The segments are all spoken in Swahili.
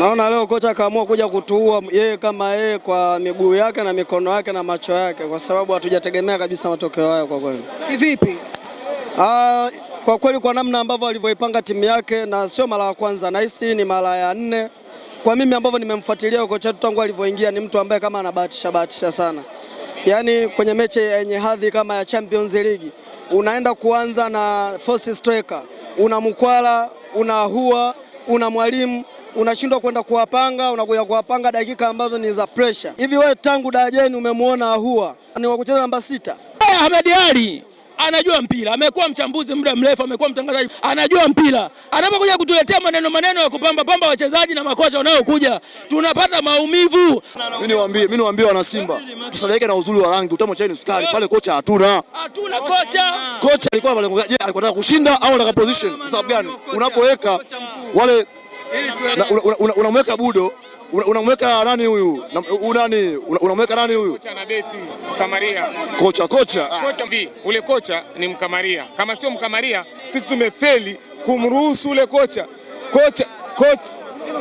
Naona leo kocha akaamua kuja kutuua yeye kama yeye kwa miguu yake na mikono yake na macho yake, kwa sababu hatujategemea kabisa matokeo hayo kwa kweli. Kivipi? Ah, kwa kweli kwa namna ambavyo alivyoipanga timu yake, na sio mara ya kwanza, nahisi ni mara ya nne kwa mimi ambavyo nimemfuatilia kocha tangu alivyoingia. Ni mtu ambaye kama anabahatisha bahatisha sana, yaani kwenye mechi yenye hadhi kama ya Champions League unaenda kuanza na force striker, una mkwala, una hua, una mwalimu unashindwa kwenda kuwapanga, unakuja kuwapanga dakika ambazo ni za pressure. Hivi wewe tangu dajeni umemwona Ahoua ni wa kucheza namba sita? Eh, Ahmed Ally anajua mpira, amekuwa mchambuzi muda mrefu, amekuwa mtangazaji, anajua mpira. Anapokuja kutuletea maneno maneno ya kupamba pamba wachezaji na makocha wanaokuja, tunapata maumivu. Mimi niwaambie, mimi niwaambie wana Simba, tusaleke na uzuri wa rangi, utamu chaini sukari pale. Kocha hatuna, hatuna kocha. Kocha alikuwa pale, je, alikuwa anataka kushinda au anataka position? Kwa sababu gani unapoweka wale unamweka budo unamweka nani huyu nani, unamweka nani huyu kocha na beti kamaria kocha kocha ah. kocha mbi, ule kocha ni Mkamaria. Kama sio Mkamaria, sisi tumefeli kumruhusu ule kocha kocha kocha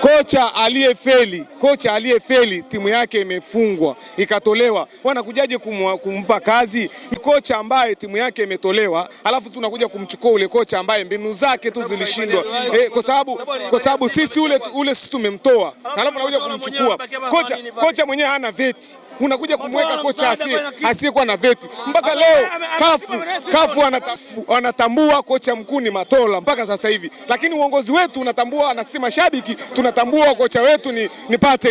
Kocha aliyefeli, kocha aliyefeli, timu yake imefungwa ikatolewa, wanakujaje kumpa kazi kocha ambaye timu yake imetolewa, alafu tunakuja kumchukua ule kocha ambaye mbinu zake tu zilishindwa eh, kwa sababu kwa sababu sisi ule ule sisi tumemtoa, alafu tunakuja kumchukua kocha kocha mwenyewe hana veti unakuja kumweka kocha asiyekuwa na veti. Mpaka leo kafu kafu anatambua kocha mkuu ni Matola mpaka sasa hivi, lakini uongozi wetu unatambua, sisi mashabiki tunatambua kocha wetu ni, ni Pate.